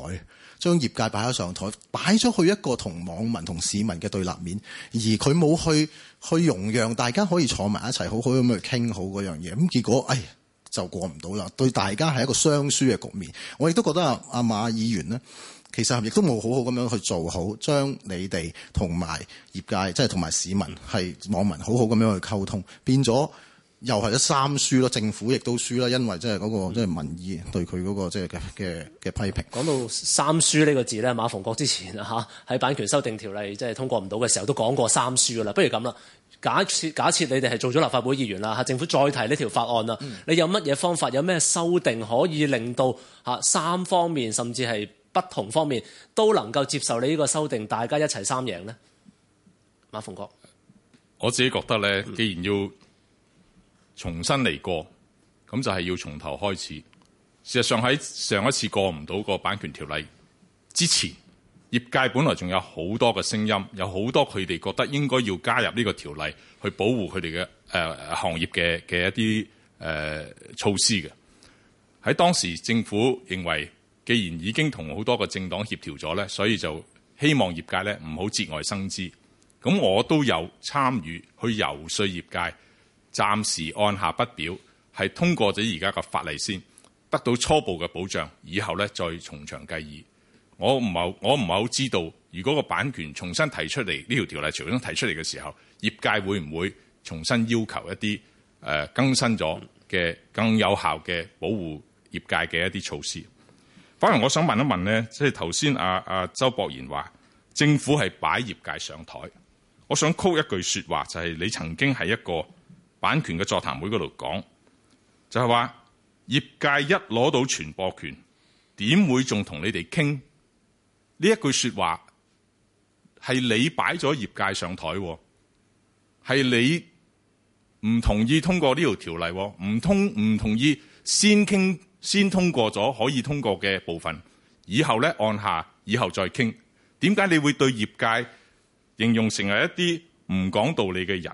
D: 將業界擺咗上台，擺咗去一個同網民同市民嘅對立面，而佢冇去去容讓大家可以坐埋一齊好好咁去傾好嗰樣嘢。咁結果，哎就過唔到啦，對大家係一個雙輸嘅局面。我亦都覺得阿阿馬議員呢，其實亦都冇好好咁樣去做好，將你哋同埋業界，即係同埋市民、係網民，好好咁樣去溝通，變咗又係一三輸啦。政府亦都輸啦，因為即係嗰個即係民意對佢嗰
B: 個即係嘅嘅嘅批評。講到三輸呢個字咧，馬逢國之前啊喺版權修訂條例即係通過唔到嘅時候都講過三輸啦。不如咁啦。假設假設你哋係做咗立法會議員啦，嚇政府再提呢條法案啦，你有乜嘢方法，有咩修訂可以令到嚇三方面，甚至係不同方面都能夠接受你呢個修訂，大家一齊三贏呢？馬逢國，
A: 我自己覺得呢，既然要重新嚟過，咁就係要從頭開始。事實上喺上一次過唔到個版權條例之前。業界本來仲有好多嘅聲音，有好多佢哋覺得應該要加入呢個條例，去保護佢哋嘅誒行業嘅嘅一啲誒、呃、措施嘅。喺當時政府認為，既然已經同好多個政黨協調咗呢，所以就希望業界呢唔好節外生枝。咁我都有參與去游說業界，暫時按下不表，係通過咗而家個法例先，得到初步嘅保障，以後呢再從長計議。我唔係我唔係好知道，如果個版權重新提出嚟呢條條例重新提出嚟嘅時候，業界會唔會重新要求一啲誒、呃、更新咗嘅更有效嘅保護業界嘅一啲措施？反而我想問一問呢，即係頭先阿阿周博賢話，政府係擺業界上台，我想 quote 一句說話就係、是、你曾經喺一個版權嘅座談會嗰度講，就係、是、話業界一攞到傳播權，點會仲同你哋傾？呢一句說話係你擺咗業界上台，係你唔同意通過呢條條例，唔通唔同意先傾先通過咗可以通過嘅部分，以後咧按下以後再傾，點解你會對業界形容成為一啲唔講道理嘅人？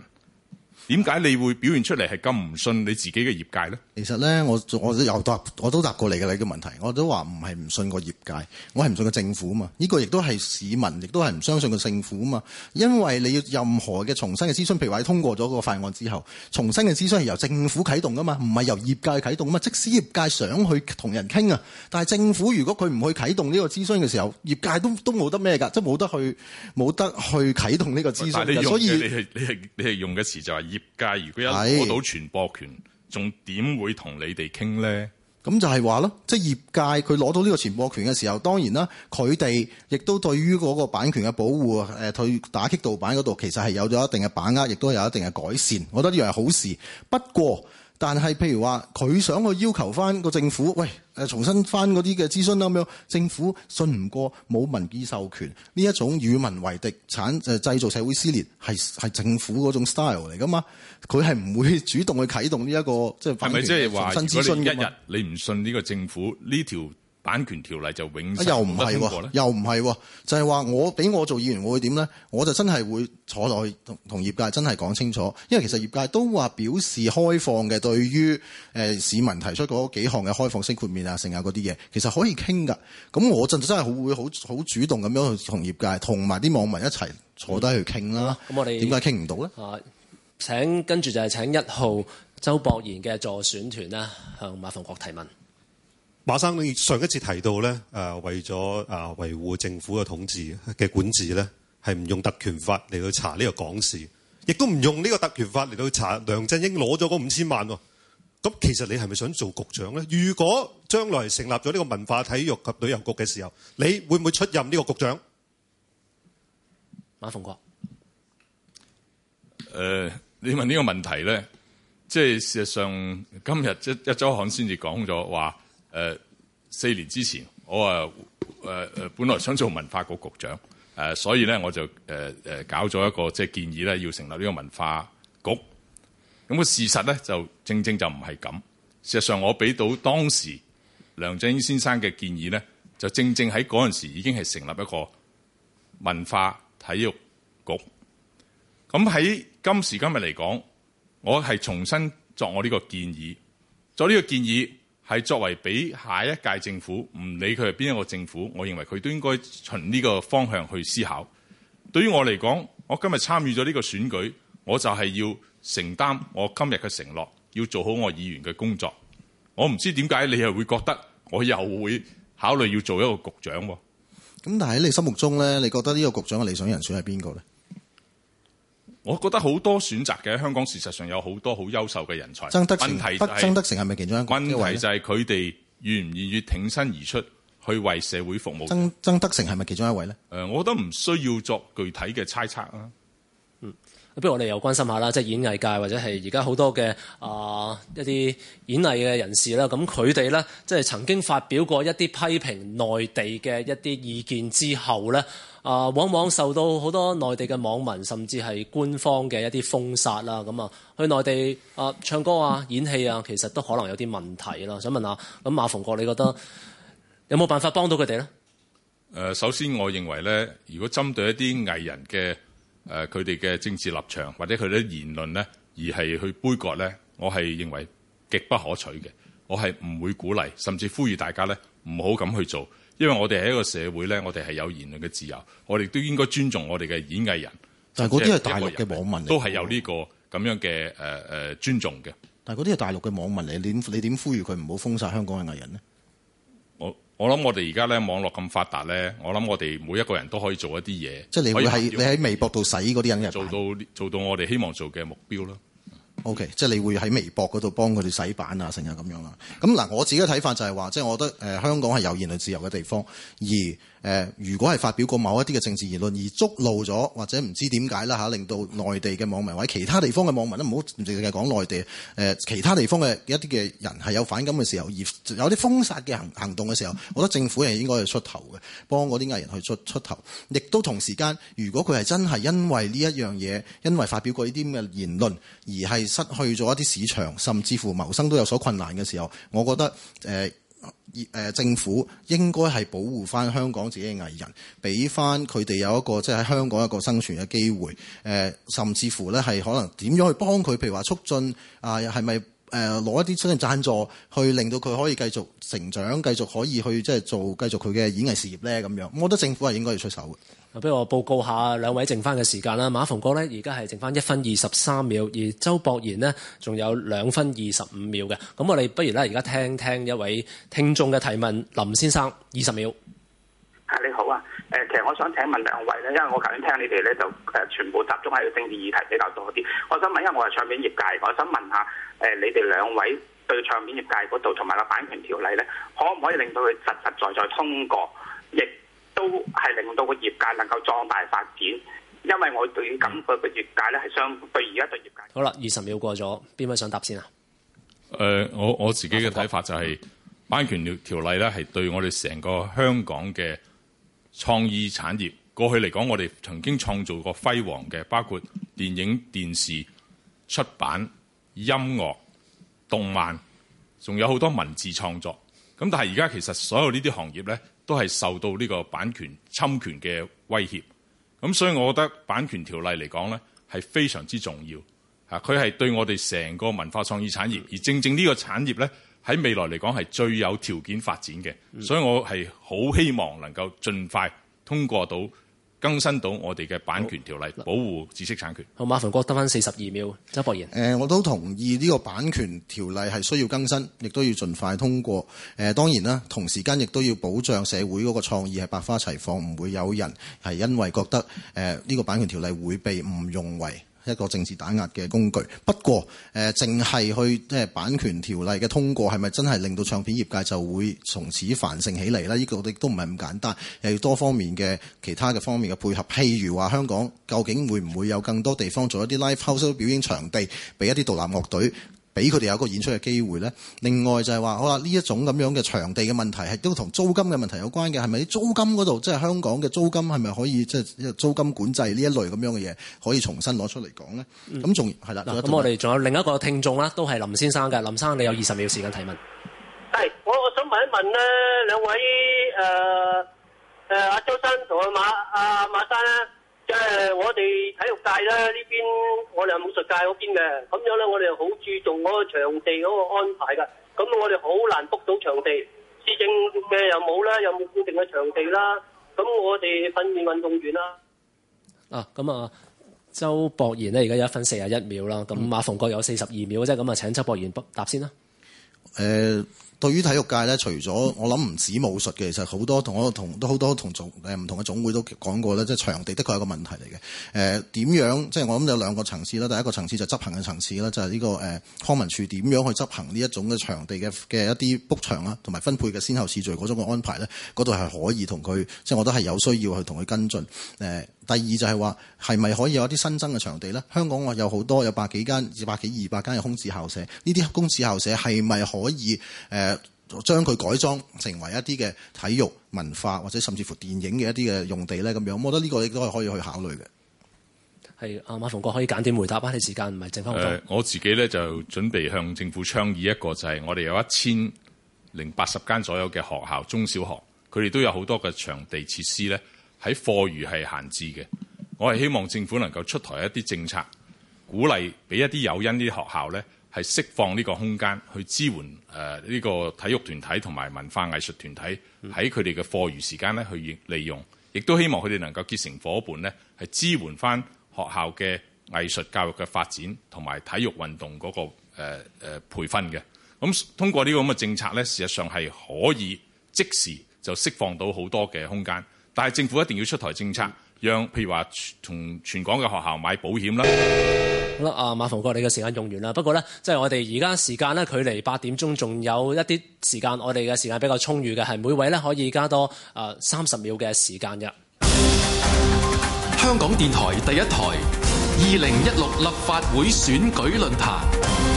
A: 點解你會表現出嚟，係咁唔信你自己嘅業界咧？
D: 其實咧，我我都又答，我都答過你嘅問題，我都話唔係唔信個業界，我係唔信個政府啊嘛。呢個亦都係市民，亦都係唔相信個政府啊嘛。因為你任何嘅重新嘅諮詢，譬如話你通過咗個法案之後，重新嘅諮詢係由政府啟動噶嘛，唔係由業界啟動啊嘛。即使業界想去同人傾啊，但係政府如果佢唔去啟動呢個諮詢嘅時候，業界都都冇得咩㗎，即係冇得去冇得去啟動呢個諮詢。所以你係
A: 你係你係用嘅詞就係。業界如果一攞到傳播權仲點會同你哋傾咧？
D: 咁就係話咯，即係業界佢攞到呢個傳播權嘅時候，當然啦，佢哋亦都對於嗰個版權嘅保護，誒，退打擊盜版嗰度，其實係有咗一定嘅把握，亦都有一定嘅改善。我覺得呢樣係好事，不過。但係，譬如話佢想去要求翻個政府，喂，重新翻嗰啲嘅諮詢咁樣，政府信唔過冇民意授權，呢一種與民為敵、產誒製造社會撕裂，係係政府嗰種 style 嚟㗎嘛？佢係唔會主動去啟動呢一個反，即係重新諮詢，係咪即係話，一日
A: 你唔信呢個政府呢條？這個版權條例就永又唔係喎，
D: 又唔係喎，就係、是、話我俾我做議員，我會點呢？我就真係會坐落去同同業界真係講清楚，因為其實業界都話表示開放嘅，對於、呃、市民提出嗰幾項嘅開放式豁免啊、剩下嗰啲嘢，其實可以傾噶。咁我真真係會好好主動咁樣去同業界同埋啲網民一齊坐低去傾啦。咁、嗯、我哋點解傾唔到呢？啊、
B: 請跟請跟住就係請一號周博賢嘅助選團啦，向馬逢國提問。馬生，你上一次提到咧，誒為咗誒維護政府嘅統治嘅管治咧，係唔用特權法嚟去查呢個港視，亦都唔用呢個特權法嚟到查梁振英攞咗嗰五千萬喎。咁其實你係咪想做局長咧？如果將來成立咗呢個文化、體育及旅遊局嘅時候，你會唔會出任呢個局長？馬逢國，誒、
A: 呃，你問呢個問題咧，即係事實上今日一壹週刊先至講咗話。誒、呃、四年之前，我啊、呃呃、本來想做文化局局長，誒、呃，所以咧我就誒、呃、搞咗一個即係、就是、建議咧，要成立呢個文化局。咁個事實咧，就正正就唔係咁。事實上，我俾到當時梁振英先生嘅建議咧，就正正喺嗰陣時已經係成立一個文化體育局。咁喺今時今日嚟講，我係重新作我呢個建議，作呢個建議。係作為俾下一屆政府，唔理佢係邊一個政府，我認為佢都應該循呢個方向去思考。對於我嚟講，我今日參與咗呢個選舉，我就係要承擔我今日嘅承諾，要做好我議員嘅工作。我唔知點解你係會覺得我又會考慮要做一個局長喎？
D: 咁但係你心目中呢，你覺得呢個局長嘅理想人選係邊個呢？
A: 我覺得好多選擇嘅香港，事實上有好多好優秀嘅人才。曾德成問題，就係，曾德
D: 成係咪其中一位？問題就
A: 係佢哋願唔願意挺身而出，去為社會服務。曾、
D: 曾德成係咪其中一位呢？
A: 誒，我覺得唔需要作具體嘅猜測啦。嗯，不如我哋又關心下啦，即係演藝界或者係而家好
B: 多嘅啊、呃、一啲演藝嘅人士啦，咁佢哋呢，即係曾經發表過一啲批評內地嘅一啲意見之後呢。啊，往往受到好多內地嘅網民，甚至係官方嘅一啲封殺啦。咁啊，去內地啊唱歌啊、演戲啊，其實都可能有啲問題啦。想問下，咁馬逢國你覺得有冇辦法幫到佢哋咧？
A: 誒、呃，首先我認為咧，如果針對一啲藝人嘅誒，佢哋嘅政治立場或者佢哋言論咧，而係去杯葛咧，我係認為極不可取嘅。我係唔會鼓勵甚至呼籲大家咧唔好咁去做。因為我哋係一個社會咧，我哋係有言論嘅自由，我哋都應該尊重我哋嘅演藝人。但嗰啲係大陸嘅網民，都係有呢個咁樣嘅誒、呃、尊重嘅。
D: 但嗰啲係大陸嘅網民，你點你點呼籲佢唔好封殺香港嘅藝人咧？
A: 我我諗我哋而家咧，網絡咁發達咧，我諗我哋每一個人都可以做一啲嘢。即係你會喺你喺
D: 微博度洗嗰啲人，做到
A: 做到我哋希望做嘅目標咯。
D: O.K.，即係你會喺微博嗰度幫佢哋洗版啊，成日咁樣啦。咁嗱，我自己嘅睇法就係話，即係我覺得誒香港係有言論自由嘅地方，而。誒，如果係發表過某一啲嘅政治言論而觸怒咗，或者唔知點解啦嚇令到內地嘅網民或者其他地方嘅網民，都唔好淨係講內地，誒其他地方嘅一啲嘅人係有反感嘅時候，而有啲封殺嘅行行動嘅時候，我覺得政府係應該去出頭嘅，幫嗰啲藝人去出出頭，亦都同時間，如果佢係真係因為呢一樣嘢，因為發表過呢啲咁嘅言論而係失去咗一啲市場，甚至乎謀生都有所困難嘅時候，我覺得誒。呃誒政府應該係保護翻香港自己嘅藝人，俾翻佢哋有一個即係喺香港一個生存嘅機會。誒，甚至乎咧係可能點樣去幫佢？譬如話促進啊，係咪誒攞一啲新嘅贊助，去令到佢可以繼續成長，繼續可
B: 以去即係做繼續佢嘅演藝事業咧？咁樣，我覺得政府係應該要出手嘅。不如我報告下兩位剩翻嘅時間啦。馬逢國咧，而家係剩翻一分二十三秒，而周博賢呢，仲有兩分二十五秒嘅。咁我哋不如咧，而家聽聽一位聽眾嘅提問。林先生，二十秒。
C: 係你好啊。誒，其實我想請問兩位咧，因為我頭先聽你哋咧，就誒全部集中喺個政治議題比較多啲。我想問一下，因為我係唱片業界，我想問下誒、呃、你哋兩位對唱片業界嗰度同埋個版權條例咧，可唔可以令到佢實實在在通過？業界能夠
B: 壯大發展，因為我對今個個業界咧係相對而家對業界。
A: 好啦，二十秒過咗，邊位想答先啊？誒、呃，我我自己嘅睇法就係、是、版權條條例咧係對我哋成個香港嘅創意產業，過去嚟講我哋曾經創造過輝煌嘅，包括電影、電視、出版、音樂、動漫，仲有好多文字創作。咁但係而家其實所有呢啲行業咧。都係受到呢個版權侵權嘅威脅，咁所以我覺得版權條例嚟講呢係非常之重要，啊，佢係對我哋成個文化創意產業，而正正呢個產業呢喺未來嚟講係最有條件發展嘅，所以我係好希望能夠盡快通過到。更新到我哋嘅版權條例，保護知識產權。
B: 好，馬逢國得翻四十二秒，周博賢。誒、呃，我都同
D: 意呢個版權條例係需要更新，亦都要盡快通過。誒、呃，當然啦，同時間亦都要保障社會嗰個創意係百花齊放，唔會有人係因為覺得誒呢、呃這個版權條例會被誤用為一個政治打壓嘅工具，不過誒，淨、呃、係去即係、呃、版權條例嘅通過，係咪真係令到唱片業界就會從此繁盛起嚟呢？呢、呢個亦都唔係咁簡單，又要多方面嘅其他嘅方面嘅配合。譬如話，香港究竟會唔會有更多地方做一啲 live house 表演場地，俾一啲獨立樂隊？俾佢哋有一個演出嘅機會咧。另外就係話，好啦，呢一種咁樣嘅場地嘅問題，係都同租金嘅問題有關嘅。係咪租金嗰度，即係香港嘅租金係咪可以即係租金
B: 管制呢一類咁樣嘅嘢，可以重新攞出嚟講咧？咁仲係啦。咁、嗯、我哋仲有另一個聽眾啦，都係林先生嘅。林生，你有二十秒時間提問。係，我我想問一問咧，兩位誒誒阿周生同阿馬阿、呃、馬生咧。即係我哋體育界啦，呢邊，我哋係武術界嗰邊嘅咁樣咧，我哋好注重嗰個場地嗰個安排噶。咁我哋好難 book 到場地，市政嘅又冇啦，又冇固定嘅場地啦。咁我哋訓練運動員啦。啊，咁啊，周博賢呢，而家一分四十一秒啦。咁馬逢國有四十二秒啫。咁啊，請周博賢答先啦。誒、嗯。對於體育界咧，除咗我諗唔
D: 止武術嘅，其實好多同我同都好多同唔同嘅總會都講過咧，即係場地的確係一個問題嚟嘅。誒、呃、點樣即係我諗有兩個層次啦，第一個層次就執行嘅層次啦，就係、是、呢、這個誒、呃、康文署點樣去執行呢一種嘅場地嘅嘅一啲 book 場啊，同埋分配嘅先後次序嗰種嘅安排咧，嗰度係可以同佢，即係我都係有需要去同佢跟進誒。第二就係話，係咪可以有一啲新增嘅場地咧？香港我有好多，有百幾間、二百幾、二百間嘅空置校舍，呢啲空置校舍係咪可以誒、呃、將佢改裝成為一啲嘅體育、文化或者甚至乎電影嘅一啲嘅用地咧？咁樣我覺得呢個亦都係可以去考
A: 慮嘅。
B: 係阿、啊、馬逢國可以簡短回答，我哋時間唔係剩翻好多、呃。
A: 我自己咧就準備向政府倡議一個就係、是，我哋有一千零八十間左右嘅學校中小學，佢哋都有好多嘅場地設施咧。喺課餘係閒置嘅，我係希望政府能夠出台一啲政策，鼓勵俾一啲有因啲學校呢係釋放呢個空間去支援誒呢個體育團體同埋文化藝術團體喺佢哋嘅課餘時間呢去利用，亦都希望佢哋能夠結成夥伴呢係支援翻學校嘅藝術教育嘅發展同埋體育運動嗰個誒誒培訓嘅。咁通過呢個咁嘅政策呢，事實上係可以即時就釋放到好多嘅空間。但政府一定要出台政策，讓譬如話，從全港嘅學校買保險啦。
B: 好啦，啊，馬逢國，你嘅時間用完啦。不過呢，即係呢，我哋而家時間距離八點鐘仲有一啲時間，我哋嘅時間比較充裕嘅，係每位呢可以加多呃三十秒嘅時間嘅。香
C: 港電台第一台二零一六立法會選舉論壇。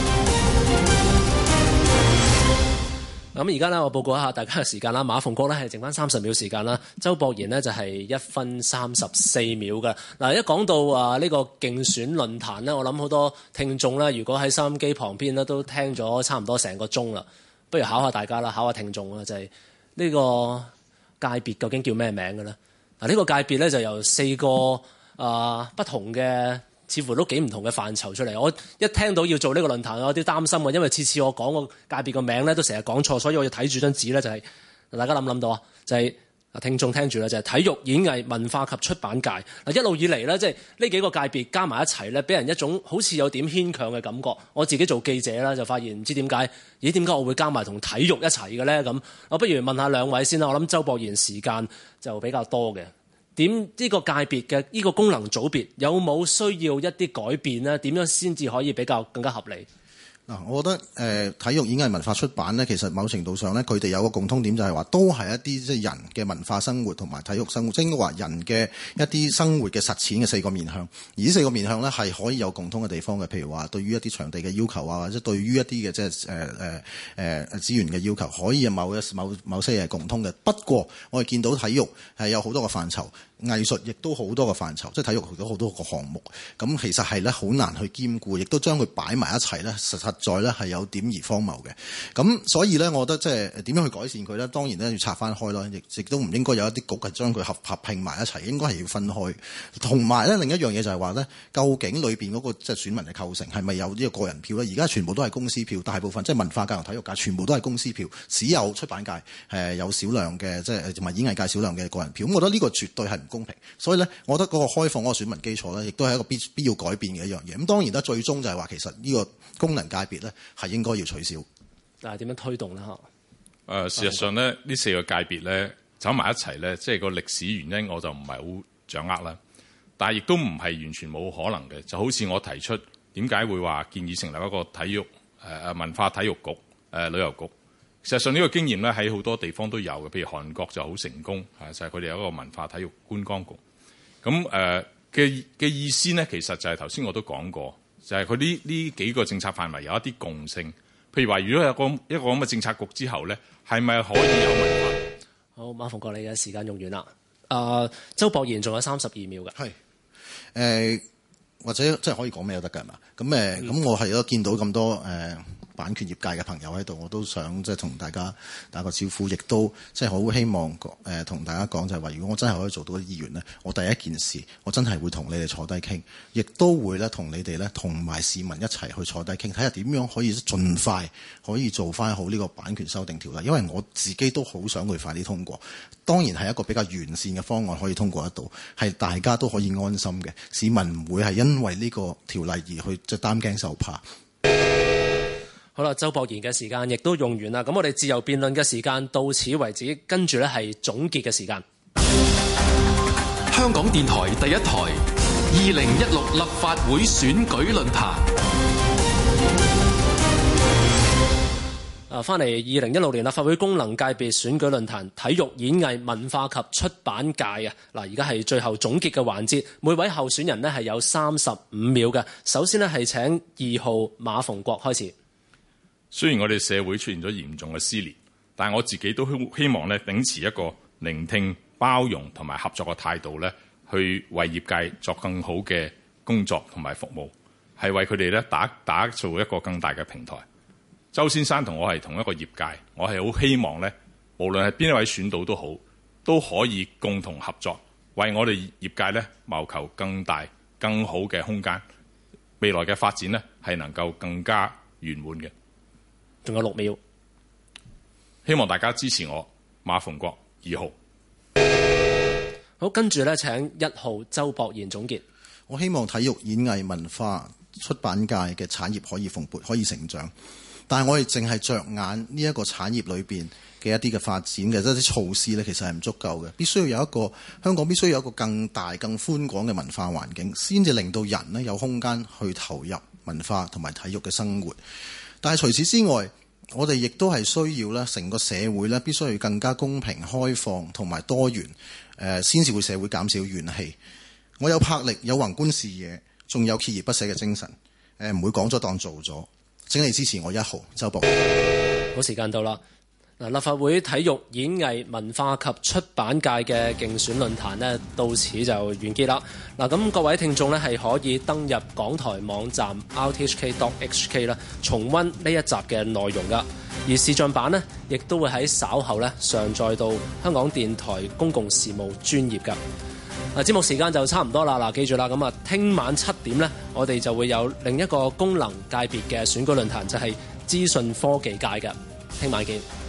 B: 咁而家咧，我報告一下大家嘅時間啦。馬逢國咧係剩翻三十秒時間啦。周博賢呢，就係一分三十四秒㗎。嗱，一講到啊呢個競選論壇咧，我諗好多聽眾咧，如果喺收音機旁邊咧都聽咗差唔多成個鐘啦。不如考下大家啦，考下聽眾啦，就係、是、呢個界別究竟叫咩名嘅咧？嗱，呢個界別咧就由四個啊、呃、不同嘅。似乎都幾唔同嘅範疇出嚟，我一聽到要做呢個論壇，我有啲擔心嘅，因為次次我講個界別個名咧都成日講錯，所以我要睇住張紙咧，就係大家諗唔諗到啊？就係啊，聽眾聽住啦，就係體育、演藝、文化及出版界。嗱，一路以嚟咧，即係呢幾個界別加埋一齊咧，俾人一種好似有點牽強嘅感覺。我自己做記者啦，就發現唔知點解，咦？點解我會加埋同體育一齊嘅咧？咁我不如問下兩位先啦。我諗周博賢時間就比較多嘅。點、這、呢個界別嘅呢個功能組別有冇需要一啲改變呢？點樣先至可以比較更加合理？
D: 嗱，我覺得誒、呃，體育、演藝、文化、出版呢。其實某程度上呢，佢哋有個共通點就是說，就係話都係一啲即係人嘅文化生活同埋體育生活，即係話人嘅一啲生活嘅實踐嘅四個面向。而呢四個面向呢，係可以有共通嘅地方嘅。譬如話，對於一啲場地嘅要求啊，或者對於一啲嘅即係誒誒誒資源嘅要求，可以有某一某某，某，某些嘢係共通嘅。不過，我哋見到體育係、呃、有好多個範疇。藝術亦都好多個範疇，即係體育亦都好多個項目，咁其實係咧好難去兼顧，亦都將佢擺埋一齊咧，實實在咧係有點兒荒謬嘅。咁所以咧，我覺得即係點樣去改善佢咧？當然咧要拆翻開啦，亦亦都唔應該有一啲局係將佢合合拼埋一齊，應該係要分開。同埋咧另一樣嘢就係話咧，究竟裏邊嗰個即係選民嘅構成係咪有呢個個人票咧？而家全部都係公司票，大部分即係文化界同體育界全部都係公司票，只有出版界誒有少量嘅即係同埋演藝界少量嘅個人票。咁我覺得呢個絕對係公平，所以咧，我覺得嗰個開放嗰個選民基礎咧，亦都係一個必必要改變嘅一樣嘢。咁當然啦，最終就係話，其實呢個功能界
A: 別咧，係應該要取消。
B: 但係點樣推動呢？嚇？
A: 誒，事實上咧，呢四個界別咧，走埋一齊咧，即係個歷史原因，我就唔係好掌握啦。但係亦都唔係完全冇可能嘅，就好似我提出點解會話建議成立一個體育誒誒、呃、文化體育局誒、呃、旅遊局。實際上呢個經驗咧，喺好多地方都有嘅，譬如韓國就好成功，就係佢哋有一個文化體育觀光局。咁誒嘅嘅意思咧，其實就係頭先我都講過，就係佢呢呢幾個政策範圍有一啲共性。譬如話，如果有一個一個咁嘅政策局之後咧，係咪可以有文化？
B: 好，馬逢國，你嘅時間用完啦。啊、呃，周博賢仲有三十二秒嘅。係。誒、
D: 呃，或者即係可以講咩都得㗎，係嘛？咁咁、呃、我係咯，見到咁多誒。呃版權業界嘅朋友喺度，我都想即係同大家打個招呼，亦都即係好希望誒同大家講就係話，如果我真係可以做到啲議員咧，我第一件事我真係會同你哋坐低傾，亦都會咧同你哋咧同埋市民一齊去坐低傾，睇下點樣可以盡快可以做翻好呢個版權修訂條例，因為我自己都好想佢快啲通過。當然係一個比較完善嘅方案，可以通過得到，係大家都可以安心嘅。市民唔會係因為呢個條例而去即係擔驚受怕。
B: 好啦，周博賢嘅時間亦都用完啦，咁我哋自由辯論嘅時間到此為止，跟住咧係總結嘅時間。
C: 香港電台第一台，
A: 二零一六立法會選舉論壇。
B: 啊，翻嚟二零一六年立法會功能界別選舉論壇，體育、演藝、文化及出版界啊，嗱，而家係最後總結嘅環節，每位候選人咧係有三十五秒嘅。首先咧係請二號馬逢國開始。
A: 雖然我哋社會出現咗嚴重嘅撕裂，但我自己都希希望咧，秉持一個聆聽、包容同埋合作嘅態度咧，去為業界作更好嘅工作同埋服務，係為佢哋咧打打造一個更大嘅平台。周先生同我係同一個業界，我係好希望咧，無論係邊一位選到都好，都可以共同合作，為我哋業界咧謀求更大、更好嘅空間。未來嘅發展呢係能夠更加圓滿嘅。仲有六秒，希望大家支持我馬逢國二號。
B: 好，跟住呢請一號周博賢總結。
D: 我希望體育、演藝、文化出版界嘅產業可以蓬勃、可以成長，但係我哋淨係着眼呢一個產業裏邊嘅一啲嘅發展嘅，即係啲措施呢，其實係唔足夠嘅。必須要有一個香港，必須有一個更大、更寬廣嘅文化環境，先至令到人呢有空間去投入文化同埋體育嘅生活。但係除此之外，我哋亦都係需要咧，成個社會咧必須要更加公平、開放同埋多元，誒、呃，先至會社會減少怨氣。我有魄力、有宏觀視野，仲有鍥而不捨嘅精神，誒、呃，唔會講咗當做咗。請你支持我一號周博賢，好，
B: 時間到啦。立法會體育、演藝、文化及出版界嘅競選論壇到此就完結啦。嗱，咁各位聽眾咧，係可以登入港台網站 rthk.hk 啦，重溫呢一集嘅內容噶。而視像版呢亦都會喺稍後上載到香港電台公共事務專頁噶。啊，節目時間就差唔多啦。嗱，記住啦，咁啊，聽晚七點呢，我哋就會有另一個功能界別嘅選舉論壇，就係、是、資訊科技界噶。聽晚見。